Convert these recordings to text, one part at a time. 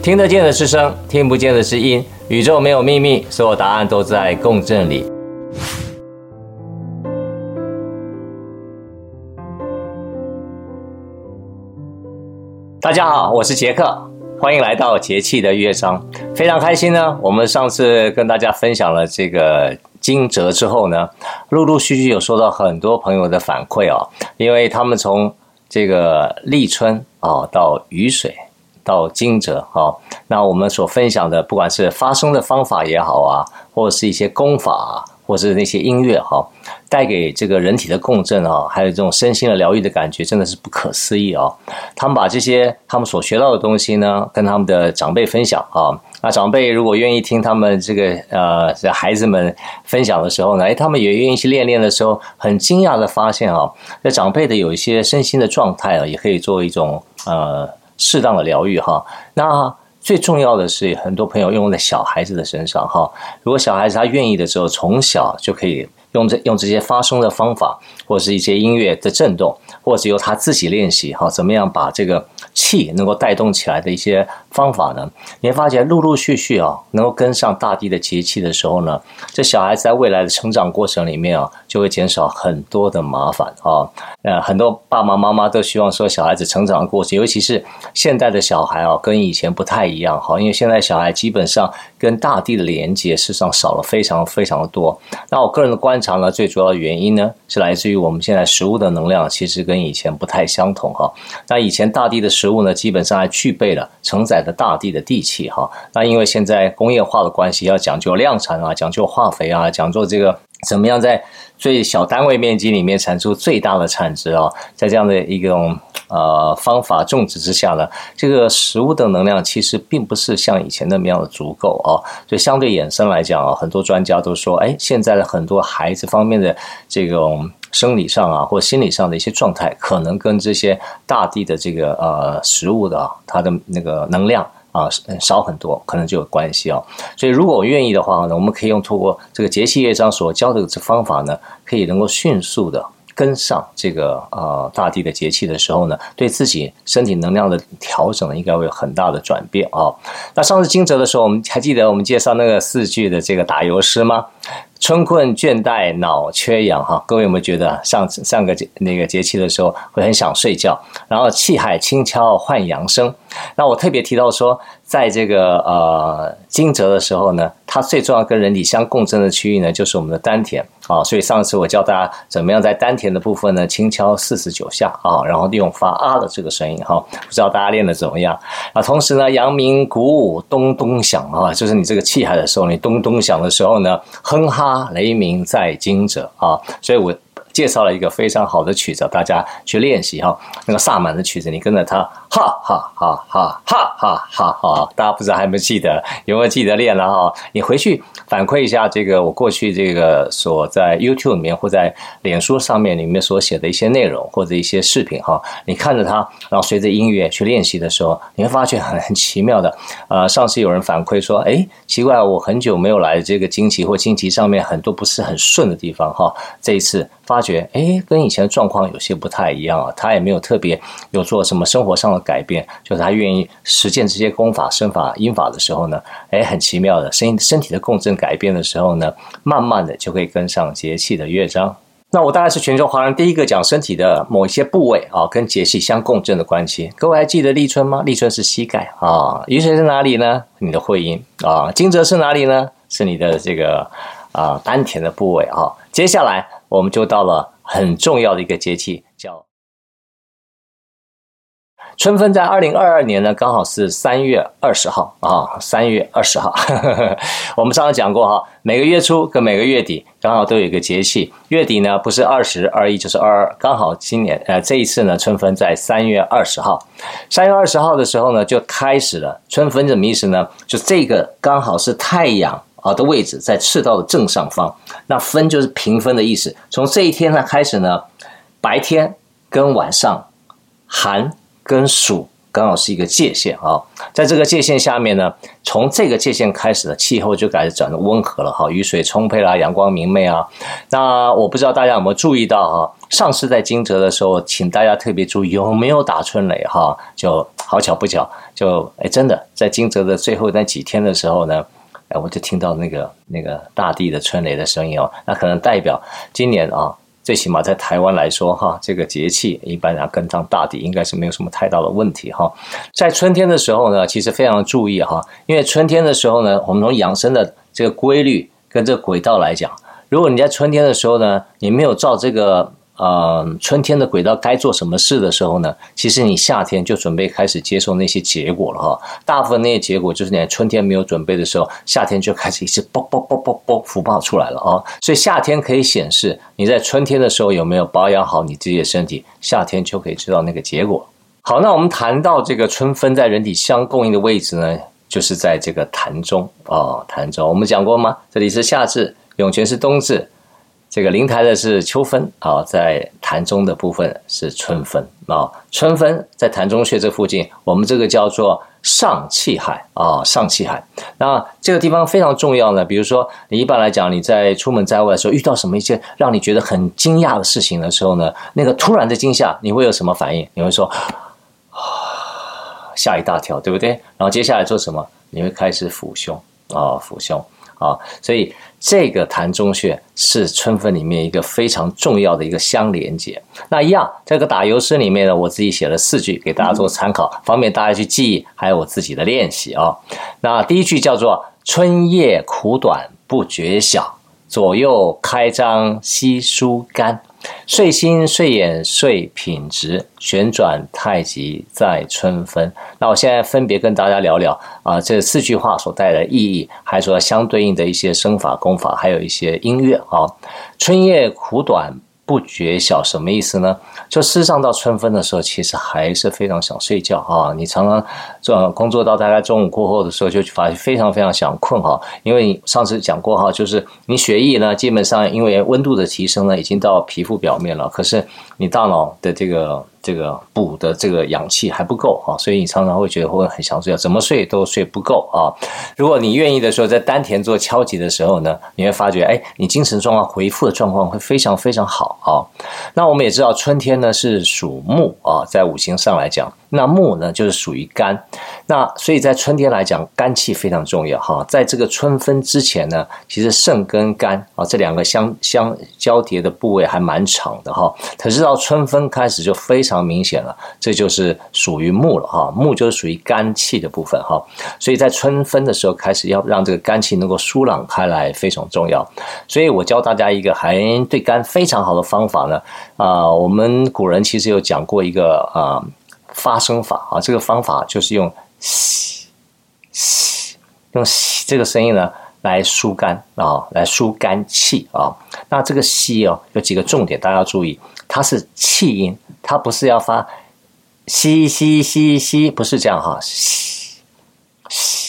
聽得，聽，聽得見的是聲，聽不見的是音。宇宙沒有秘密，所有答案都在共振裡。大家好，我是傑克，歡迎來到節氣的樂章。非常開心呢，我們上次跟大家分享了這個驚蟄之後呢，陸陸續續有收到很多朋友的反饋哦，因為他們從這個立春啊到雨水。到驚蟄，好。那我們所分享的，不管是發聲的方法也好啊，或者是一些功法，或者是那些音樂哈，帶給這個人體的共振啊，還有這種身心的療癒的感覺，真的是不可思議啊！他們把這些他們所學到的東西呢，跟他們的長輩分享啊。那長輩如果願意聽他們這個呃這孩子們分享的時候呢，誒、哎，他們也願意去練練的時候，很驚訝的發現啊，那長輩的有一些身心的狀態啊，也可以作為一種呃。適當的療癒哈，那最重要的是，很多朋友用在小孩子的身上哈。如果小孩子他願意的時候，從小就可以用這用這些發聲的方法，或是一些音樂的震動，或者是由他自己練習哈，怎麼樣把這個。氣能夠帶動起來的一些方法呢，你會發現陸陸續續啊，能夠跟上大地的節氣的時候呢，這小孩子在未來的成長過程裡面啊，就會減少很多的麻煩啊。呃，很多爸爸媽、媽媽都希望說，小孩子成長的過程，尤其是現在的小孩啊，跟以前不太一樣哈，因為現在小孩基本上。跟大地的連接，事實上少了非常非常的多。那我個人的觀察呢，最主要的原因呢，是來自於我們現在食物的能量，其實跟以前不太相同哈。那以前大地的食物呢，基本上還具備了承載着大地的地氣哈。那因為現在工業化的關係，要講究量產啊，講究化肥啊，講究這個。怎麼樣在最小單位面積裡面產出最大的產值啊？在這樣的一種呃方法種植之下呢，這個食物的能量其實並不是像以前那麼樣的足夠啊。就相對衍生來講啊，很多專家都說，哎，現在的很多孩子方面的這種生理上啊或心理上的一些狀態，可能跟這些大地的這個呃食物的啊，它的那個能量。啊，少很多，可能就有關係哦。所以，如果我願意的話呢，我們可以用透過這個節氣樂章所教的這個方法呢，可以能夠迅速的跟上這個呃大地的節氣的時候呢，對自己身體能量的調整應該會有很大的轉變啊、哦。那上次驚蟄的時候，我們還記得我們介紹那個四句的這個打油詩嗎？春困倦怠腦缺氧哈、啊，各位有沒有覺得上次上個節那個節氣的時候會很想睡覺？然後氣海輕敲喚陽生。那我特別提到說，在這個呃驚蟄的時候呢，它最重要跟人體相共振的區域呢，就是我們的丹田啊、哦。所以上次我教大家怎麼樣在丹田的部分呢，輕敲四十九下啊、哦，然後利用發啊的這個聲音哈、哦，不知道大家練得怎麼樣啊。同時呢，陽明鼓舞咚咚響啊、哦，就是你這個氣海的時候，你咚咚響的時候呢，哼哈雷鳴在驚蟄啊。所以我。介紹了一個非常好的曲子，大家去練習哈。那個薩滿的曲子，你跟着他，哈哈哈哈哈哈哈哈！大家不知道還記不記得？有沒有記得練了哈？你回去反饋一下這個我過去這個所在 YouTube 裡面或在臉書上面裡面所寫的一些內容或者一些視頻哈。你看着它，然後隨着音樂去練習的時候，你會發覺很很奇妙的。呃，上次有人反饋說，哎，奇怪，我很久沒有來這個金旗或金旗上面，很多不是很順的地方哈。這一次發。發覺哎，跟以前的狀況有些不太一樣啊。他也沒有特別有做什麼生活上的改變，就是他願意實踐這些功法、身法、音法的時候呢，哎，很奇妙的身身體的共振改變的時候呢，慢慢的就會跟上節氣的樂章。那我大概是全球華人第一個講身體的某一些部位啊，跟節氣相共振的關係。各位還記得立春嗎？立春是膝蓋啊，雨水是哪裡呢？你的會陰啊，驚蟄是哪裡呢？是你的這個啊丹田的部位啊。接下來。我們就到了很重要的一個節氣，叫春分。在二零二二年呢，剛好是三月二十號啊，三月二十號呵呵。我們上次講過哈，每個月初跟每個月底剛好都有一個節氣。月底呢，不是二十、二十一就是二十二，剛好今年呃這一次呢，春分在三月二十號。三月二十號的時候呢，就開始了春分。什麼意思呢？就這個剛好是太陽。好的位置在赤道的正上方，那分就是平分的意思。從這一天呢，開始呢，白天跟晚上，寒跟暑剛好是一個界限啊。在這個界限下面呢，從這個界限開始呢，氣候就開始轉的溫和了哈，雨水充沛啦，陽光明媚啊。那我不知道大家有沒有注意到哈，上次在驚蟄的時候，請大家特別注意有沒有打春雷哈，就好巧不巧，就哎真的在驚蟄的最後那幾天的時候呢。哎，我就聽到那個那個大地的春雷的聲音哦，那可能代表今年啊，最起碼在台灣來說哈，這個節氣一般來講跟上，大地應該是沒有什麼太大的問題哈。在春天的時候呢，其實非常注意哈，因為春天的時候呢，我們從養生的這個規律跟這個軌道來講，如果你在春天的時候呢，你沒有照這個。嗯，春天的軌道該做什麼事的時候呢，其實你夏天就準備開始接受那些結果了哈。大部分那些結果就是你在春天沒有準備的時候，夏天就開始一直爆爆爆爆爆福報出來了啊。所以夏天可以顯示你在春天的時候有沒有保養好你自己的身體，夏天就可以知道那個結果。好，那我們談到這個春分在人體相供應的位置呢，就是在這個潭中哦，潭中。我們講過嗎？這裡是夏至，湧泉是冬至。這個靈台的是秋分啊，在膻中的部分是春分啊，春分在膻中穴這附近，我們這個叫做上氣海啊、哦，上氣海。那這個地方非常重要呢。比如說，你一般來講，你在出門在外的時候，遇到什麼一些讓你覺得很驚訝的事情的時候呢？那個突然的驚嚇，你會有什麼反應？你會說，嚇下一大跳，對不對？然後接下來做什麼？你會開始撫胸啊，撫胸。哦撫胸啊，所以這個膻中穴是春分裡面一個非常重要的一個相連接。那一樣，這個打油詩裡面呢，我自己寫了四句，給大家做參考、嗯，方便大家去記憶，還有我自己的練習啊、哦。那第一句叫做“春夜苦短不覺曉，左右開張嘻舒肝。睡心、睡眼、睡品質，旋轉太極在春分。那我現在分別跟大家聊聊啊，這四句話所帶來的意義，還說相對應的一些身法、功法，還有一些音樂啊。春夜苦短。不覺曉什麼意思呢？就事實上到春分的時候，其實還是非常想睡覺啊！你常常做工作到大概中午過後的時候，就發現非常非常想困哈，因為你上次講過哈，就是你血液呢，基本上因為溫度的提升呢，已經到皮膚表面了，可是你大腦的這個。這個補的這個氧氣還不夠啊，所以你常常會覺得會很想睡覺，怎麼睡都睡不夠啊。如果你願意的時候，在丹田做敲擊的時候呢，你會發覺，哎，你精神狀況恢復的狀況會非常非常好啊。那我們也知道，春天呢是屬木啊，在五行上來講。那木呢，就是屬於肝，那所以在春天來講，肝氣非常重要哈。在這個春分之前呢，其實腎跟肝啊這兩個相相交疊的部位還蠻長的哈。可是到春分開始就非常明顯了，這就是屬於木了哈。木就是屬於肝氣的部分哈。所以在春分的時候開始，要讓這個肝氣能夠舒朗開來非常重要。所以我教大家一個還對肝非常好的方法呢啊、呃，我們古人其實有講過一個啊。呃發聲法啊，這個方法就是用嘻嘻，用嘻這個聲音呢來疏肝啊，來疏肝、哦、氣啊、哦。那這個嘻哦，有幾個重點大家要注意，它是氣音，它不是要發嘻嘻嘻嘻，不是這樣哈、哦。嘻，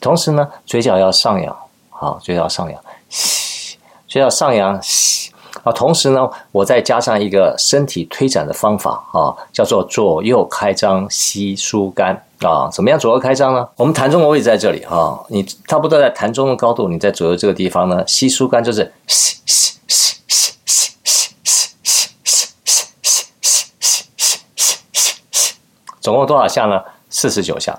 同時呢，嘴角要上揚，好，嘴角上揚，嘻，嘴角上揚，嘻。啊，同時呢，我再加上一個身體推展的方法啊，叫做左右開張嘻舒肝啊。怎麼樣左右開張呢？我們膻中的位置在這裡啊，你差不多在膻中的高度，你在左右這個地方呢，嘻舒肝就是嘻嘻嘻嘻嘻嘻嘻嘻嘻嘻嘻嘻嘻嘻，總共多少下呢？四十九下，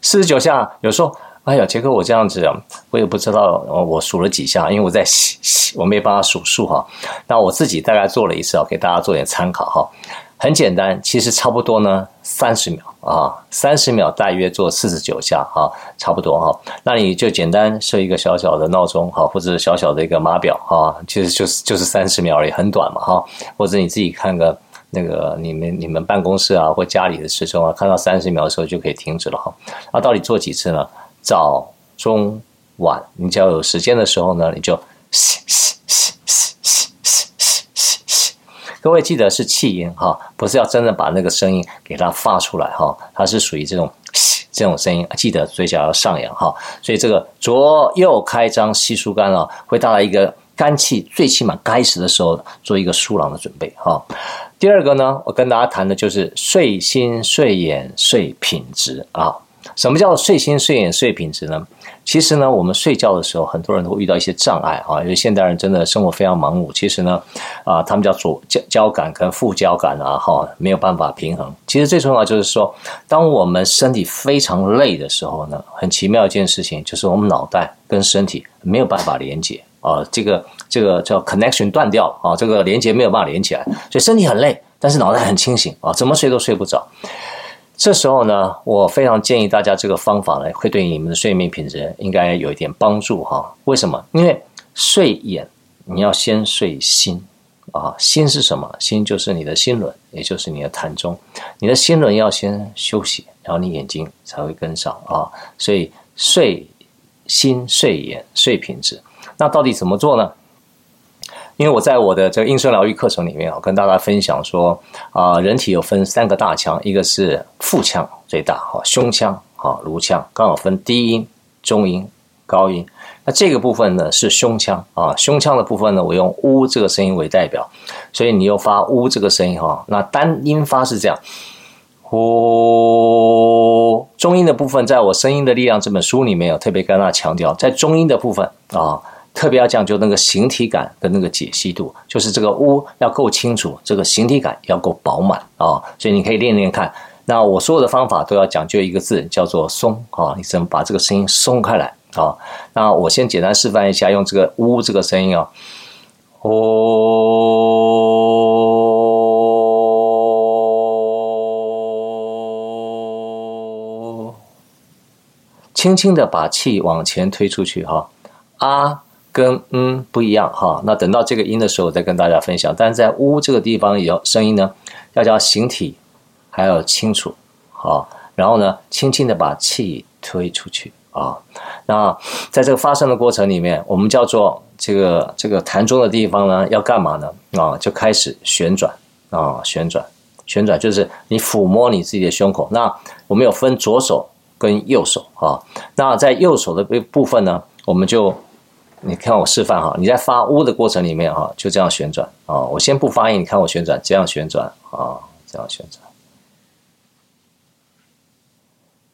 四十九下，有時候。哎，呀，傑克，我這樣子，我也不知道，我數了幾下，因為我在洗洗，我沒辦法數數哈。那我自己大概做了一次啊，給大家做點參考哈、啊。很簡單，其實差不多呢，三十秒啊，三十秒大約做四十九下啊，差不多哈、啊。那你就簡單設一個小小的鬧鐘哈，或者小小的一個碼表哈、啊，其實就是就是三十秒而已，很短嘛哈、啊。或者你自己看個那個你們你們辦公室啊或家裡的時鐘啊，看到三十秒的時候就可以停止了哈、啊。那到底做幾次呢？早中晚，你只要有時間的時候呢，你就吸吸吸吸吸吸吸吸。各位記得是氣音哈、哦，不是要真的把那個聲音給它發出來哈、哦，它是屬於這種吸這種聲音、啊，記得嘴角要上揚哈、哦。所以這個左右開張嘻舒肝啊，會帶來一個肝氣最起碼該死的時候做一個疏朗的準備哈、哦。第二個呢，我跟大家談的就是睡心、睡眼、睡品質啊。哦什麼叫做睡心、睡眼、睡品質呢？其實呢，我們睡覺的時候，很多人都會遇到一些障礙啊。因為現代人真的生活非常忙碌。其實呢，啊，他們叫主交感跟副交感啊，哈、哦，沒有辦法平衡。其實最重要就是說，當我們身體非常累的時候呢，很奇妙一件事情就是我們腦袋跟身體沒有辦法連接啊，這個這個叫 connection 斷掉啊，這個連接沒有辦法連起來，所以身體很累，但是腦袋很清醒啊，怎麼睡都睡不着。這時候呢，我非常建議大家這個方法呢，會對你們的睡眠品質應該有一點幫助哈。為什麼？因為睡眼你要先睡心啊，心是什麼？心就是你的心輪，也就是你的膻中，你的心輪要先休息，然後你眼睛才會跟上啊。所以睡心、睡眼、睡品質，那到底怎麼做呢？因為我在我的這個音聲療癒課程裡面啊，跟大家分享說啊，呃，人體有分三個大腔，一個是腹腔最大哈，胸腔啊，顱腔，顱腔剛好分低音、中音、高音。那這個部分呢，是胸腔啊，胸腔的部分呢，我用嗚這個聲音為代表，所以你又發嗚這個聲音哈。那單音發是這樣，嗚。中音的部分，在我《聲音的力量》這本書裡面有特別跟大家強調，在中音的部分啊。特別要講究那個形體感的那個解析度，就是這個“嗚”要夠清楚，這個形體感要夠飽滿啊、哦！所以你可以練練看。那我所有的方法都要講究一個字，叫做“鬆”啊！你怎麼把這個聲音鬆開來啊、哦？那我先簡單示範一下，用這個“嗚”這個聲音啊，哦，哦，輕輕地把氣往前推出去哈、哦，啊。跟嗯不一樣哈，那等到這個音的時候，再跟大家分享。但是在嗚、呃、這個地方，要聲音呢，要叫形體還要清楚，好，然後呢，輕輕的把氣推出去啊。那在這個發聲的過程裡面，我們叫做這個這個膻中的地方呢，要幹嘛呢？啊，就開始旋轉啊，旋轉旋轉，就是你撫摸你自己的胸口。那我們有分左手跟右手啊，那在右手的部分呢，我們就。你看我示範哈，你在發“嗚”的過程裡面哈，就這樣旋轉啊。我先不發音，你看我旋轉，這樣旋轉啊，這樣旋轉。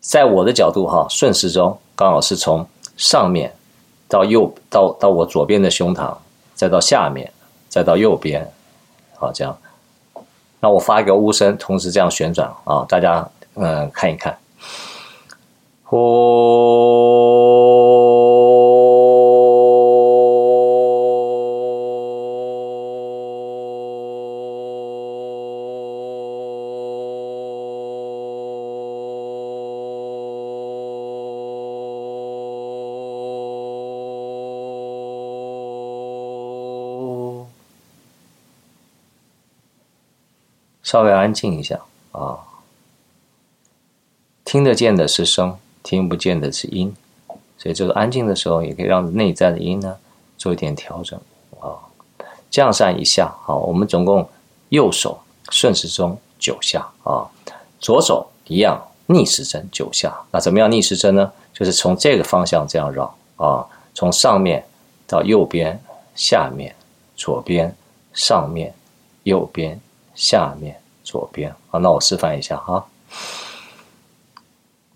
在我的角度哈，順時針剛好是從上面到右到到我左邊的胸膛，再到下面，再到右邊，好，這樣。那我發一個“嗚”聲，同時這樣旋轉啊，大家嗯看一看，呼。稍微安靜一下啊，聽得見的是聲，聽不見的是音，所以這個安靜的時候，也可以讓內在的音呢做一點調整啊，降上一下，好，我們總共右手順時針九下啊，左手一樣逆時針九下。那怎麼樣逆時針呢？就是從這個方向這樣繞啊，從上面到右邊，下面，左邊，上面，右邊。下面左邊，好，那我示範一下哈。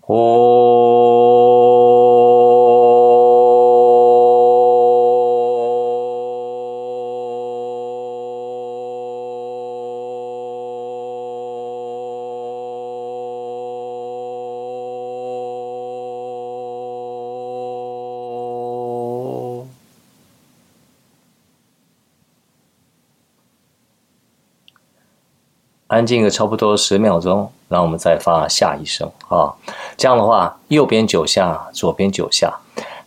哦安靜個差不多十秒鐘，然後我們再發下一聲啊。這樣的話，右邊九下，左邊九下。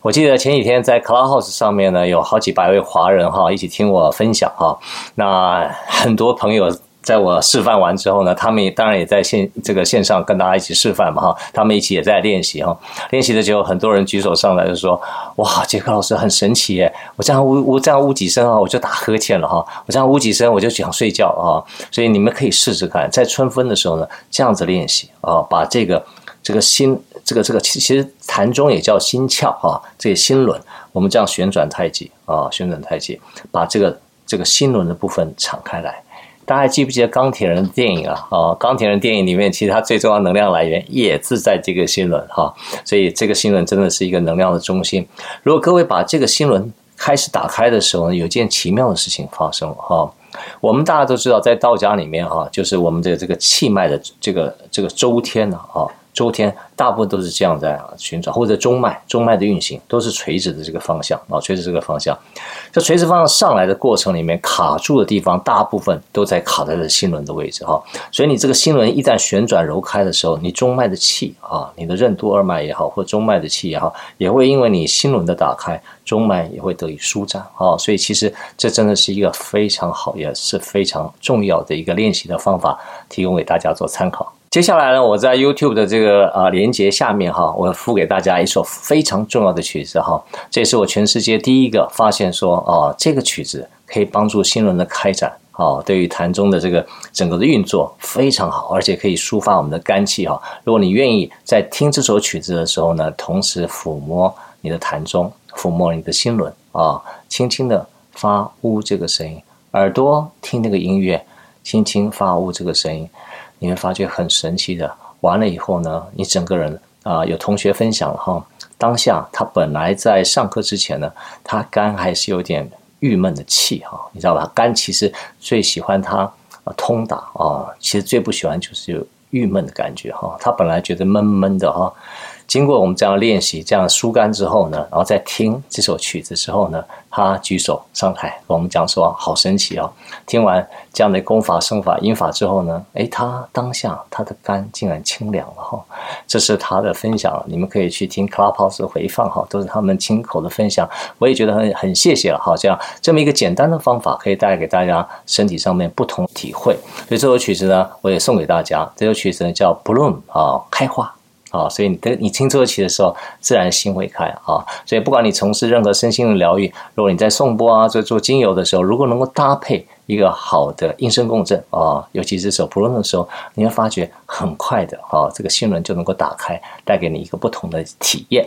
我記得前幾天在 Clubhouse 上面呢，有好幾百位華人哈，一起聽我分享哈。那很多朋友。在我示範完之後呢，他們也當然也在線這個線上跟大家一起示範嘛哈，他們一起也在練習哈。練習的時候，很多人舉手上來就說：“哇，杰克老師很神奇耶！我這樣嗚嗚，這樣嗚幾聲啊，我就打呵欠了哈。我這樣嗚幾聲，我就想睡覺啊。”所以你們可以試試看，在春分的時候呢，這樣子練習啊，把這個這個心這個這個其實膻中也叫心竅哈，這個心輪，我們這樣旋轉太極啊，旋轉太極，把這個這個心輪的部分敞開來。大家還記不記得鋼鐵人的電影啊？啊，鋼鐵人電影裡面，其實它最重要的能量來源也是在這個心輪哈、啊，所以這個心輪真的是一個能量的中心。如果各位把這個心輪開始打開的時候呢，有件奇妙的事情發生哈、啊。我們大家都知道，在道家裡面啊，就是我們的、這個、這個氣脈的這個這個周天呢啊。周天大部分都是這樣在旋轉，或者中脈、中脈的運行都是垂直的這個方向啊，垂直這個方向，這垂直方向上來的過程裡面卡住的地方，大部分都在卡在這心輪的位置哈。所以你這個心輪一旦旋轉揉開的時候，你中脈的氣啊，你的任督二脈也好，或中脈的氣也好，也會因為你心輪的打開，中脈也會得以舒展啊。所以其實這真的是一個非常好，也是非常重要的一個練習的方法，提供給大家做參考。接下來呢，我在 YouTube 的這個啊連接下面哈，我要附給大家一首非常重要的曲子哈。這也是我全世界第一個發現說啊，這個曲子可以幫助心輪的開展啊，對於膻中的這個整個的運作非常好，而且可以抒發我們的肝氣哈。如果你願意在聽這首曲子的時候呢，同時撫摸你的膻中，撫摸你的心輪啊，輕輕的發嗚這個聲音，耳朵聽那個音樂，輕輕發嗚這個聲音。你會發覺很神奇的，完了以後呢，你整個人啊、呃，有同學分享哈、哦，當下他本來在上課之前呢，他肝還是有點鬱悶的氣哈、哦，你知道吧？肝其實最喜歡它、啊、通達啊、哦，其實最不喜歡就是有鬱悶的感覺哈、哦，他本來覺得悶悶的哈。哦經過我們這樣練習，這樣疏肝之後呢，然後再聽這首曲子之後呢，他舉手上台跟我們講說：“好神奇哦！聽完這樣的功法、聲法、音法之後呢，哎，他當下他的肝竟然清涼了哈！這是他的分享，你們可以去聽 Clubhouse 回放哈，都是他們親口的分享。我也覺得很很謝謝了哈，這樣這麼一個簡單的方法，可以帶給大家身體上面不同體會。所以這首曲子呢，我也送給大家。這首曲子呢叫《Bloom》啊，開花。啊，所以你跟你聽奏起的時候，自然心會開啊。所以不管你從事任何身心的療癒，如果你在頌缽啊，做做精油的時候，如果能夠搭配一個好的音聲共振啊，尤其是手 p 論的時候，你會發覺很快的啊，這個心輪就能夠打開，帶給你一個不同的體驗。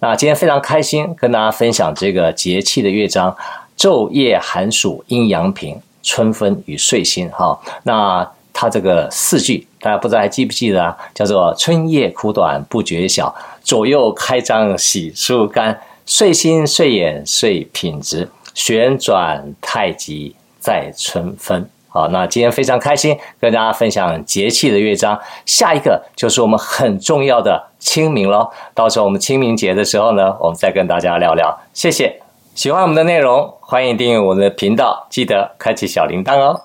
那今天非常開心跟大家分享這個節氣的樂章：晝夜寒暑陰陽平，春分與睡心哈。那。它這個四句，大家不知道還記不記得？啊？叫做“春夜苦短不覺曉，左右開張嘻舒肝，睡心睡眼睡品質，旋轉太極在春分。”好，那今天非常開心跟大家分享節氣的樂章，下一個就是我們很重要的清明了。到時候我們清明節的時候呢，我們再跟大家聊聊。謝謝，喜歡我們的內容，歡迎訂閱我們的頻道，記得開啟小鈴鐺哦。